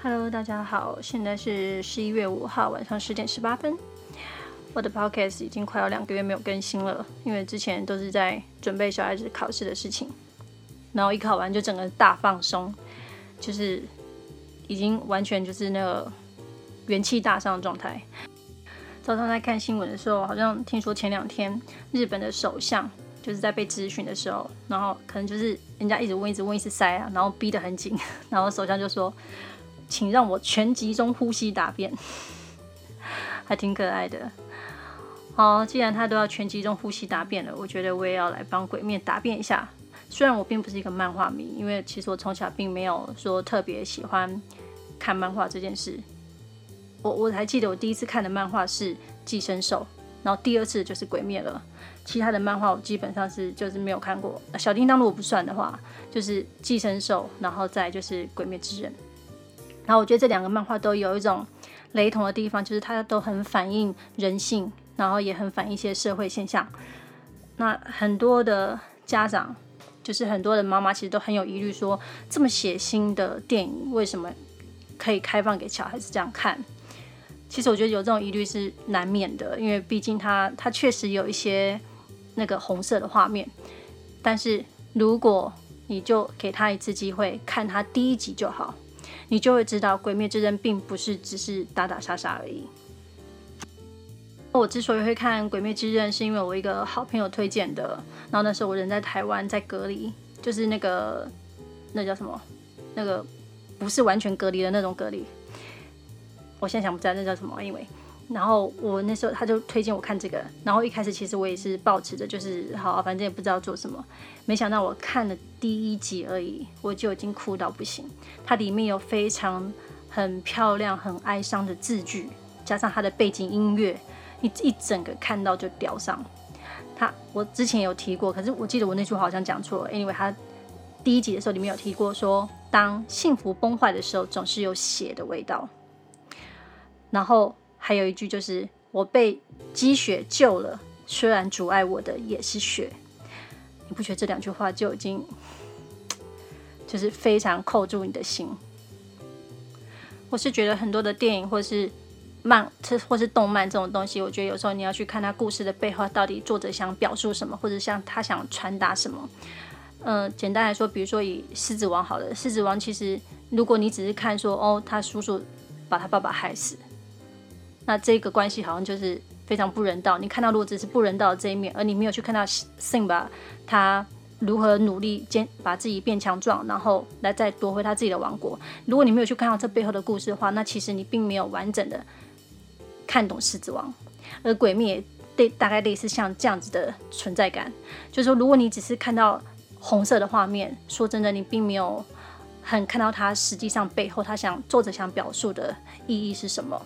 Hello，大家好，現在是十一月五號晚上十點十八分。我的 podcast 已經快要兩個月沒有更新了，因為之前都是在準備小孩子考試的事情，然後一考完就整個大放鬆，就是已經完全就是那個元氣大傷的狀態。早上在看新聞的時候，好像聽說前兩天日本的首相就是在被諮詢的時候，然後可能就是人家一直問、一直問、一直塞啊，然後逼得很緊，然後首相就說。請讓我全集中呼吸答辯， 還挺可愛的。好，既然他都要全集中呼吸答辯了，我覺得我也要來幫鬼滅答辯一下。雖然我並不是一個漫畫迷，因為其實我從小並沒有說特別喜歡看漫畫這件事。我我還記得我第一次看的漫畫是寄生獸，然後第二次就是鬼滅了。其他的漫畫我基本上是就是沒有看過。小叮噹如果不算的話，就是寄生獸，然後再就是鬼滅之刃。然後我覺得這兩個漫畫都有一種雷同的地方，就是它都很反映人性，然後也很反映一些社會現象。那很多的家長，就是很多的媽媽，其實都很有疑慮，說這麼血腥的電影為什麼可以開放給小孩子這樣看？其實我覺得有這種疑慮是難免的，因為畢竟它它確實有一些那個紅色的畫面。但是如果你就給他一次機會，看他第一集就好。你就會知道《鬼滅之刃》並不是只是打打殺殺而已。我之所以會看《鬼滅之刃》，是因為我一個好朋友推薦的。然後那時候我人在台灣，在隔離，就是那個那叫什麼？那個不是完全隔離的那種隔離。我現在想不起來那叫什麼，啊，因為然後我那時候他就推薦我看這個。然後一開始其實我也是抱持着，就是好，反正也不知道做什麼。沒想到我看了。第一集而已，我就已經哭到不行。它裡面有非常很漂亮、很哀傷的字句，加上它的背景音樂，一一整個看到就吊上。他，我之前有提過，可是我記得我那句話好像講錯了。Anyway，他第一集的時候裡面有提過說，當幸福崩壞的時候，總是有血的味道。然後還有一句就是“我被積雪救了，雖然阻礙我的也是雪”。你不覺得這兩句話就已經就是非常扣住你的心？我是覺得很多的電影或是漫，或是動漫這種東西，我覺得有時候你要去看他故事的背後到底作者想表述什麼，或者像他想傳達什麼。嗯、呃，簡單來說，比如說以《獅子王》好了，《獅子王》其實如果你只是看說哦，他叔叔把他爸爸害死，那這個關係好像就是。非常不人道。你看到如果只是不人道的這一面，而你沒有去看到 Simba，他如何努力堅把自己變強壯，然後來再奪回他自己的王國。如果你沒有去看到這背後的故事的話，那其實你並沒有完整的看懂獅子王。而鬼滅也對，大概類似像這樣子的存在感，就是說如果你只是看到紅色的畫面，說真的，你並沒有很看到他實際上背後他想作者想表述的意義是什麼？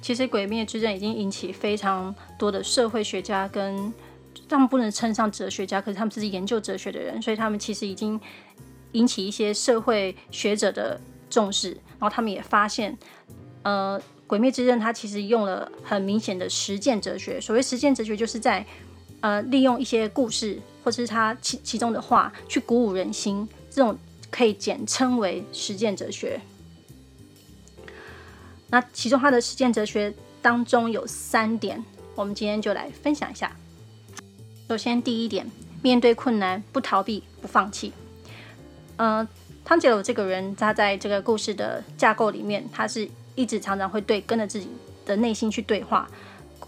其實《鬼滅之刃》已經引起非常多的社會學家跟，他們不能稱上哲學家，可是他們是研究哲學的人，所以他們其實已經引起一些社會學者的重視。然後他們也發現，呃，《鬼滅之刃》它其實用了很明顯的實踐哲學。所謂實踐哲學，就是在呃利用一些故事或是他其其中的話去鼓舞人心，這種可以簡稱為實踐哲學。那其中他的實踐哲學當中有三點，我們今天就來分享一下。首先，第一點，面對困難不逃避、不放棄。呃，炭治郎這個人，他在這個故事的架構裡面，他是一直常常會對跟着自己的內心去對話，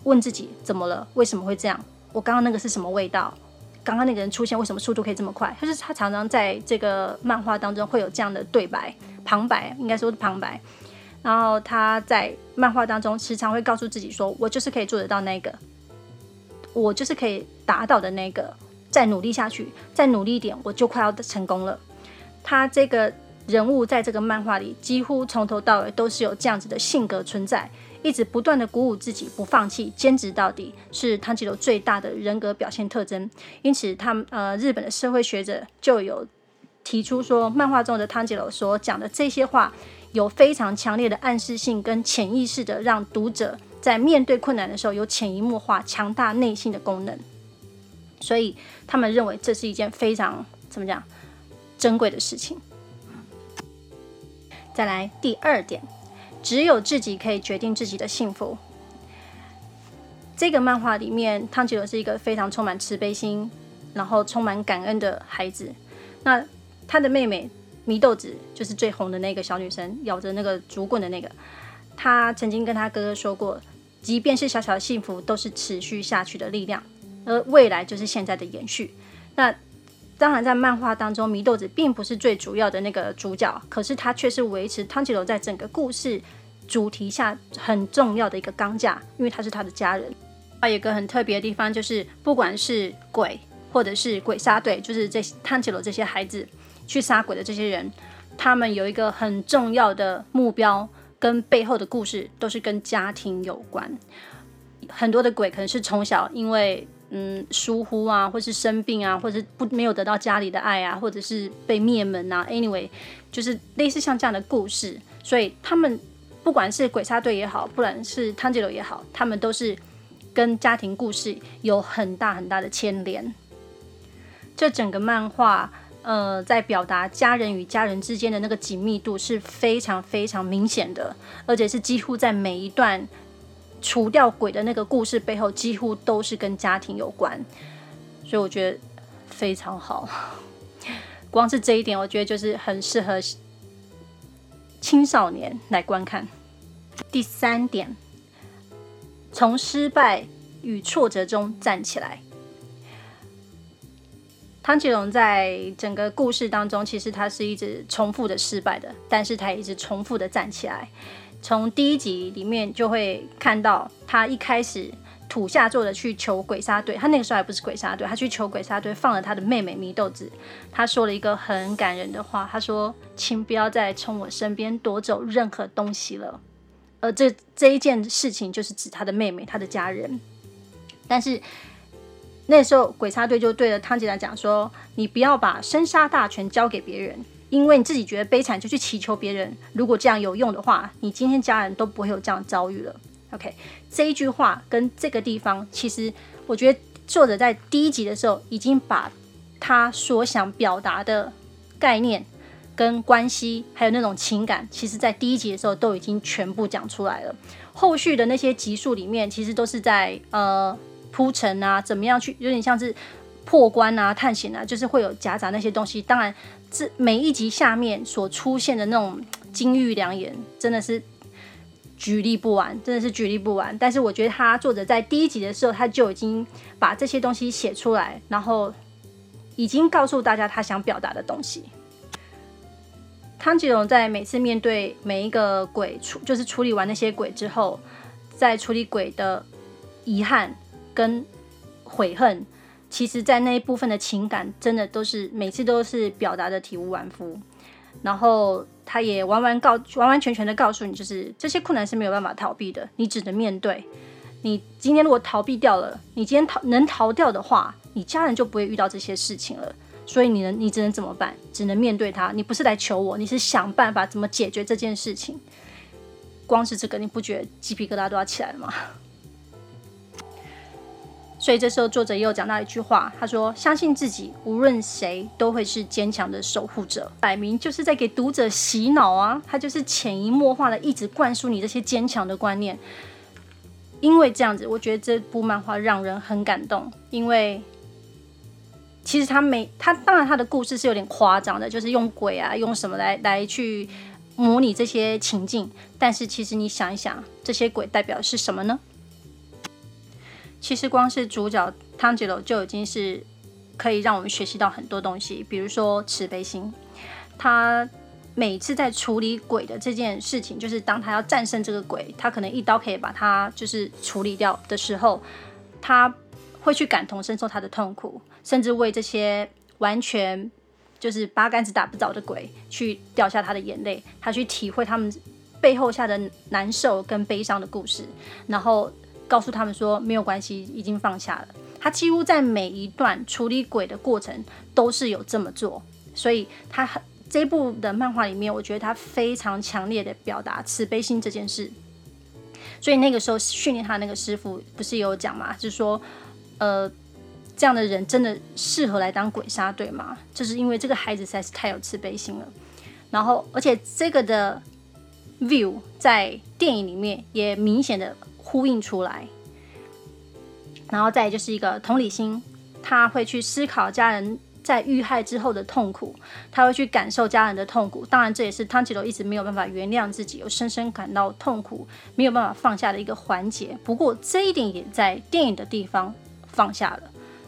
問自己怎麼了，為什麼會這樣？我剛剛那個是什麼味道？剛剛那個人出現，為什麼速度可以這麼快？就是他常常在這個漫畫當中會有這樣的對白、旁白，應該說是旁白。然後他在漫畫當中時常會告訴自己說：“我就是可以做得到那個，我就是可以達到的那個。再努力下去，再努力一點，我就快要成功了。”他這個人物在這個漫畫裡幾乎從頭到尾都是有這樣子的性格存在，一直不斷的鼓舞自己，不放棄，堅持到底，是炭治郎最大的人格表現特徵。因此他，他呃，日本的社會學者就有提出說，漫畫中的炭治郎所講的這些話。有非常強烈的暗示性跟潛意識的，讓讀者在面對困難的時候有潛移默化、強大內心的功能。所以他們認為這是一件非常怎麼講珍貴的事情。嗯、再來第二點，只有自己可以決定自己的幸福。這個漫畫裡面，炭治郎是一個非常充滿慈悲心，然後充滿感恩的孩子。那他的妹妹，禰豆子就是最紅的那個小女生，咬着那個竹棍的那個。她曾經跟她哥哥說過，即便是小小的幸福，都是持續下去的力量，而未來就是現在的延續。那當然，在漫畫當中，禰豆子並不是最主要的那個主角，可是她卻是維持炭治郎在整個故事主題下很重要的一個鋼架，因為她是他的家人。還有個很特別的地方，就是不管是鬼，或者是鬼殺隊，就是這炭治郎這些孩子。去殺鬼的這些人，他們有一個很重要的目標，跟背後的故事都是跟家庭有關。很多的鬼可能是從小因為嗯疏忽啊、或是生病啊、或是不沒有得到家裡的愛啊、或者是被滅門啊。Anyway，就是類似像這樣的故事，所以他們不管是鬼殺隊也好，不然是炭治郎也好，他們都是跟家庭故事有很大很大的牽連。這整個漫畫呃，在表達家人與家人之間的那個緊密度是非常非常明顯的，而且是幾乎在每一段除掉鬼的那個故事背後，幾乎都是跟家庭有關，所以我覺得非常好。光是這一點，我覺得就是很適合青少年來觀看。第三點，從失敗與挫折中站起來。炭治郎在整個故事當中，其實他是一直重複的失敗的，但是他也一直重複的站起來。從第一集裡面就會看到，他一開始土下座的去求鬼殺隊，他那個時候還不是鬼殺隊，他去求鬼殺隊，鬼殺隊放了他的妹妹禰豆子。他說了一個很感人的話，他說：“請不要再從我身邊奪走任何東西了。”而這這一件事情就是指他的妹妹，他的家人。但是。那時候，鬼殺隊就對着炭治郎講說：“你不要把生殺大權交給別人，因為你自己覺得悲慘就去祈求別人。如果這樣有用的話，你今天家人都不會有這樣遭遇了。” OK，這一句話跟這個地方，其實我覺得作者在第一集的時候已經把他所想表達的概念、跟關係，還有那種情感，其實在第一集的時候都已經全部講出來了。後續的那些集數裡面，其實都是在呃。鋪陳啊，怎麼樣去？有點像是破關啊，探險啊，就是會有夾雜那些東西。當然，這每一集下面所出現的那種金玉良言，真的是舉例不完，真的是舉例不完。但是我覺得他作者在第一集的時候，他就已經把這些東西寫出來，然後已經告訴大家他想表達的東西。炭治郎在每次面對每一個鬼處，就是處理完那些鬼之後，在處理鬼的遺憾跟悔恨，其實，在那一部分的情感，真的都是每次都是表達的體無完膚。然後，他也完完告完完全全的告訴你，就是這些困難是沒有辦法逃避的，你只能面對。你今天如果逃避掉了，你今天逃能逃掉的話，你家人就不會遇到這些事情了。所以，你能你只能怎麼辦？只能面對他。你不是來求我，你是想辦法怎麼解決這件事情。光是這個，你不覺得雞皮疙瘩都要起來了嗎？所以這時候，作者又講到一句話，他說：“相信自己，無論誰都會是堅強的守護者。”擺明就是在給讀者洗腦啊！他就是潛移默化的一直灌輸你這些堅強的觀念。因為這樣子，我覺得這部漫畫讓人很感動。因為其實他沒他，當然他的故事是有點誇張的，就是用鬼啊，用什麼來來去模擬這些情境。但是其實你想一想，這些鬼代表的是什麼呢？其實光是主角炭治郎就已經是，可以讓我們學習到很多東西，比如說慈悲心。他每次在處理鬼的這件事情，就是當他要戰勝這個鬼，他可能一刀可以把他就是處理掉的時候，他會去感同身受他的痛苦，甚至為這些完全就是八竿子打不着的鬼去掉下他的眼淚，他去體會他們背後下的難受跟悲傷的故事，然後。告訴他們說，沒有關係，已經放下了。他幾乎在每一段處理鬼的過程都是有這麼做，所以他這部的漫畫裡面，我覺得他非常強烈的表達慈悲心這件事。所以那個時候訓練他那個師傅不是有講嘛，就是說，呃，這樣的人真的適合來當鬼殺隊嗎？就是因為這個孩子實在是太有慈悲心了。然後，而且這個的 view 在電影裡面也明顯的呼應出來，然後再就是一個同理心，他會去思考家人在遇害之後的痛苦，他會去感受家人的痛苦。當然，這也是炭治郎一直沒有辦法原諒自己，又深深感到痛苦，沒有辦法放下的一個環節。不過，這一點也在電影的地方放下了，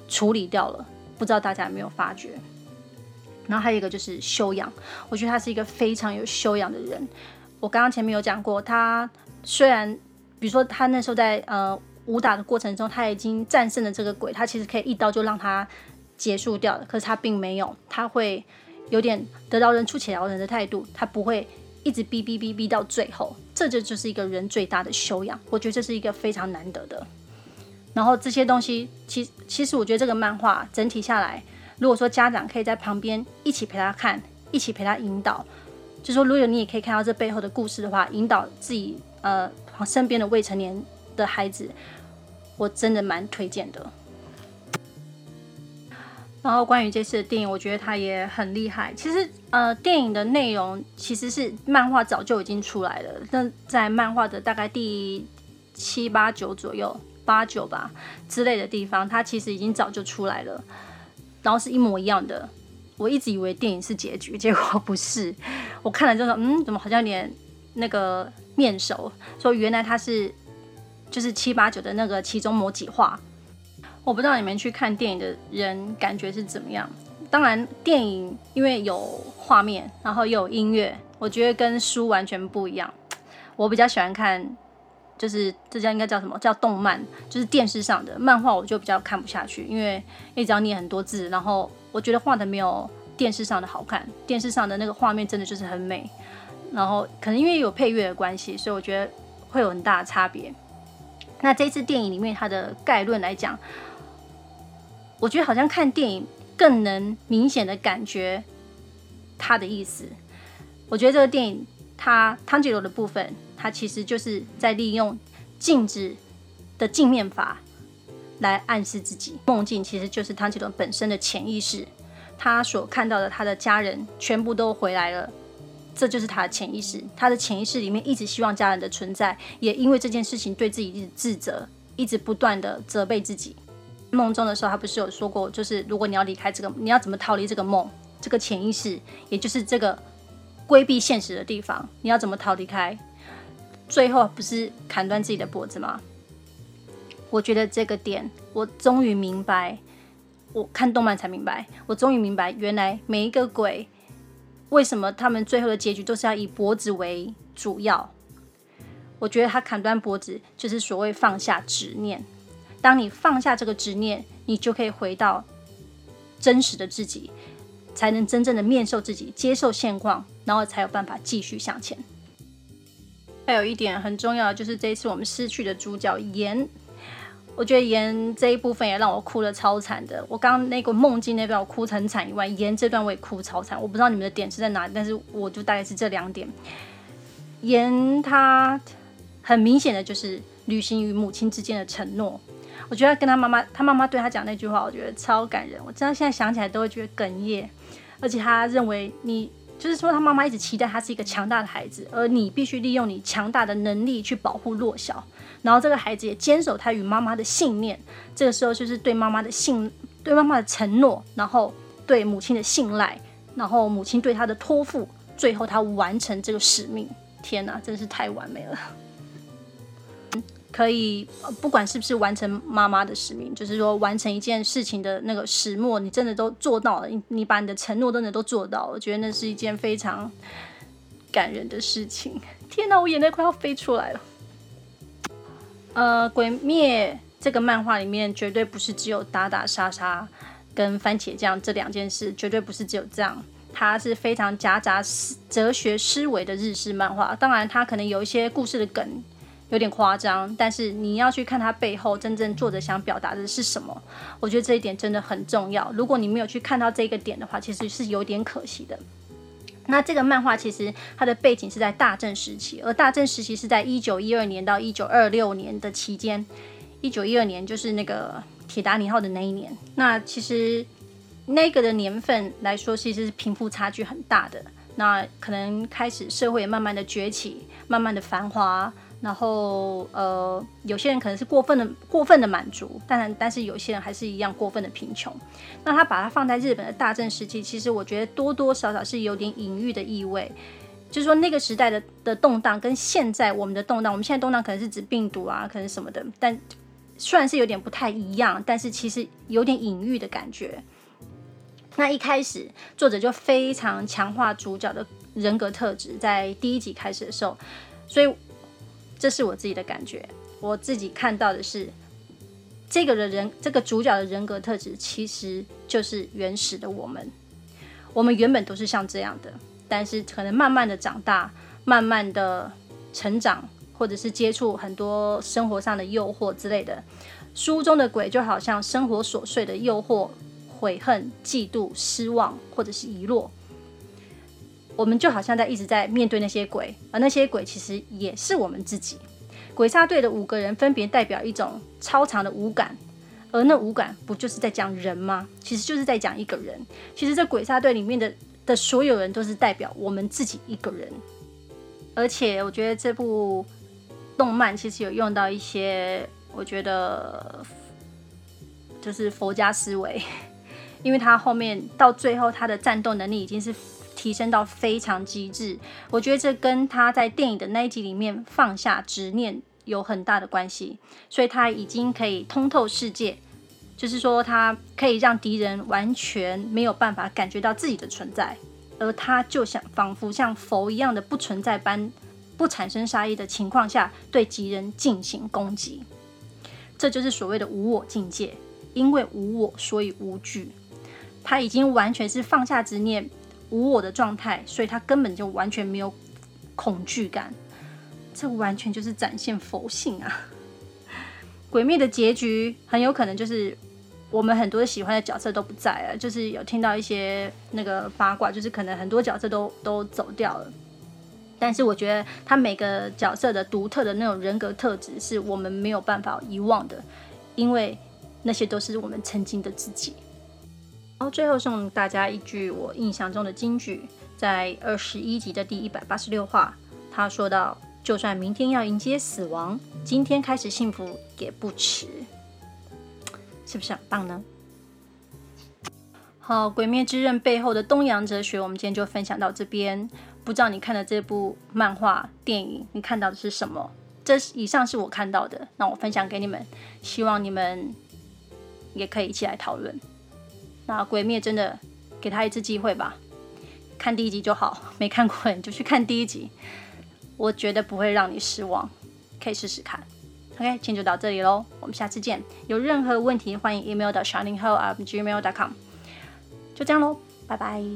處理掉了。不知道大家有沒有發覺？然後還有一個就是修養，我覺得他是一個非常有修養的人。我剛剛前面有講過，他雖然……比如說，他那時候在呃武打的過程中，他已經戰勝了這個鬼，他其實可以一刀就讓他結束掉了，可是他並沒有，他會有點得饒人處且饒人的態度，他不會一直逼逼逼逼到最後。這就就是一個人最大的修養，我覺得這是一個非常難得的。然後這些東西，其其實我覺得這個漫畫整體下來，如果說家長可以在旁邊一起陪他看，一起陪他引導，就說如果你也可以看到這背後的故事的話，引導自己呃。身邊的未成年的孩子，我真的蠻推薦的。然後關於這次的電影，我覺得它也很厲害。其實，呃，電影的內容其實是漫畫早就已經出來了。但在漫畫的大概第七八九左右，八九吧之類的地方，它其實已經早就出來了，然後是一模一樣的。我一直以為電影是結局，結果不是。我看了就說，嗯，怎麼好像連那個……面熟，所以原來他是就是七八九的那個其中某幾話，我不知道你們去看電影的人感覺是怎麼樣。當然電影因為有畫面，然後又有音樂，我覺得跟書完全不一樣。我比較喜歡看，就是這叫應該叫什麼叫動漫，就是電視上的漫畫，我就比較看不下去，因為一直要念很多字，然後我覺得畫的沒有電視上的好看，電視上的那個畫面真的就是很美。然後可能因為有配樂的關係，所以我覺得會有很大的差別。那這次電影裡面它的概論來講，我覺得好像看電影更能明顯的感覺他的意思。我覺得這個電影，他炭治郎的部分，他其實就是在利用鏡子的鏡面法來暗示自己。夢境其實就是炭治郎本身的潛意識，他所看到的他的家人全部都回來了。這就是他的潛意識，他的潛意識裡面一直希望家人的存在，也因為這件事情對自己一直自責，一直不斷的責備自己。夢中的時候，他不是有說過，就是如果你要離開這個，你要怎麼逃離這個夢，這個潛意識，也就是這個規避現實的地方，你要怎麼逃離開？最後不是砍斷自己的脖子嗎？我覺得這個點，我終於明白，我看動漫才明白，我終於明白，原來每一個鬼。為什麼他們最後的結局都是要以脖子為主要？我覺得他砍斷脖子就是所謂放下執念。當你放下這個執念，你就可以回到真實的自己，才能真正的面受自己，接受現況，然後才有辦法繼續向前。還有一點很重要，就是這一次我們失去的主角岩。我覺得炎這一部分也讓我哭得超慘的。我剛剛那個夢境那段我哭得很慘以外，炎這段我也哭超慘。我不知道你們的點是在哪裡，但是我就大概是這兩點。炎他很明顯的就是履行與母親之間的承諾。我覺得他跟他媽媽，他媽媽對他講那句話，我覺得超感人。我真的現在想起來都會覺得哽咽，而且他認為你。就是說，他媽媽一直期待他是一個強大的孩子，而你必須利用你強大的能力去保護弱小。然後這個孩子也堅守他與媽媽的信念，這個時候就是對媽媽的信、對媽媽的承諾，然後對母親的信賴，然後母親對他的託付，最後他完成這個使命。天哪，真是太完美了。可以，不管是不是完成媽媽的使命，就是說完成一件事情的那個始末，你真的都做到了。你把你的承諾真的都做到了，我覺得那是一件非常感人的事情。天哪，我眼淚快要飛出來了。呃，鬼滅這個漫畫裡面絕對不是只有打打殺殺跟番茄醬這兩件事，絕對不是只有這樣。它是非常夾雜哲，哲學思維的日式漫畫，當然它可能有一些故事的梗。有點誇張，但是你要去看它背後真正作者想表達的是什麼，我覺得這一點真的很重要。如果你沒有去看到這個點的話，其實是有點可惜的。那這個漫畫其實它的背景是在大正時期，而大正時期是在一九一二年到一九二六年的期間。一九一二年就是那個鐵達尼號的那一年。那其實那個的年份來說，其實是貧富差距很大的。那可能開始社會也慢慢的崛起，慢慢的繁華。然後，呃，有些人可能是過分的、過分的滿足，當然，但是有些人還是一樣過分的貧窮。那他把它放在日本的大正時期，其實我覺得多多少少是有點隱喻的意味，就是說那個時代的的動盪跟現在我們的動盪，我們現在動盪可能是指病毒啊，可能什麼的，但雖然是有點不太一樣，但是其實有點隱喻的感覺。那一開始作者就非常強化主角的人格特質，在第一集開始的時候，所以。這是我自己的感覺，我自己看到的是，這個的人，這個主角的人格特質，其實就是原始的我們。我們原本都是像這樣的，但是可能慢慢的長大，慢慢的成長，或者是接觸很多生活上的誘惑之類的。書中的鬼就好像生活瑣碎的誘惑、悔恨、嫉妒、失望，或者是遺落。我們就好像在一直在面對那些鬼，而那些鬼其實也是我們自己。鬼殺隊的五個人分別代表一種超長的五感，而那五感不就是在講人嗎？其實就是在講一個人。其實這鬼殺隊裡面的的所有人都是代表我們自己一個人。而且我覺得這部動漫其實有用到一些，我覺得就是佛家思維，因為他後面到最後他的戰鬥能力已經是。提升到非常極致，我覺得這跟他在電影的那一集裡面放下執念有很大的關係，所以他已經可以通透世界，就是說他可以讓敵人完全沒有辦法感覺到自己的存在，而他就像仿佛像佛一樣的不存在般，不產生殺意的情況下對敵人進行攻擊，這就是所謂的無我境界，因為無我所以無懼，他已經完全是放下執念。無我的狀態，所以他根本就完全沒有恐懼感，這完全就是展現佛性啊！鬼滅的結局很有可能就是我們很多喜歡的角色都不在了，就是有聽到一些那個八卦，就是可能很多角色都都走掉了。但是我覺得他每個角色的獨特的那種人格特質，是我們沒有辦法遺忘的，因為那些都是我們曾經的自己。好，最後送大家一句我印象中的金句，在二十一集的第一百八十六話，他說到：“就算明天要迎接死亡，今天開始幸福也不遲。”是不是很棒呢？好，《鬼滅之刃》背後的東洋哲學，我們今天就分享到這邊。不知道你看的這部漫畫電影，你看到的是什麼？這是以上是我看到的，那我分享給你們，希望你們也可以一起來討論。那、啊、鬼滅真的，給他一次機會吧，看第一集就好。沒看過，你就去看第一集，我覺得不會讓你失望，可以試試看。OK，今天就到這裡咯，我們下次見。有任何問題，歡迎 email 到 shininghole@gmail.com。就這樣咯，拜拜。